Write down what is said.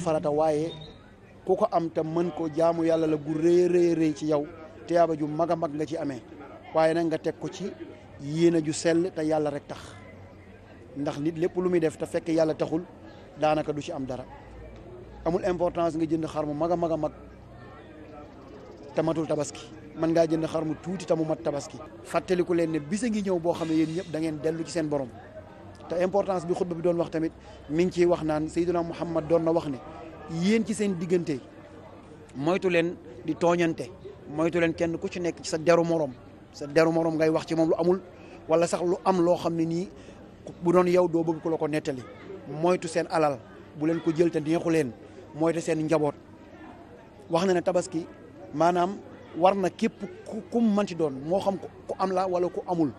farata waaye ku ko am te mën ko jaamu yàlla la gu rëy rëy ci yow te yaaba ju mag a mag nga ci amee waaye nag nga teg ko ci yéene ju sell te yàlla rek tax ndax nit lépp lu muy def te fekk yàlla taxul daanaka du ci am dara amul importance nga jënd xar mu mag a mag a mag te matul tabaski mën ngaa jënd xar mu tuuti tamu mu mat tabaski fàttaliku leen ne bisa ngi ñëw boo xam yen yéen dangeen dellu ci seen borom te importance bi xutba bi doon wax tamit mi ngi ciy wax naan Seydina Muhammad doon na wax ne yéen ci seen diggante moytu leen di tooñante moytu leen kenn ku ci nekk ci sa deru moroom sa deru moroom ngay wax ci moom lu amul wala sax lu am loo xam ne nii bu doon yow doo bëgg ku la ko nettali moytu seen alal bu leen ko jël te neexu leen moytu seen njaboot wax na ne tabaski maanaam war na képp ku kum mën ci doon moo xam ku am la wala ku amul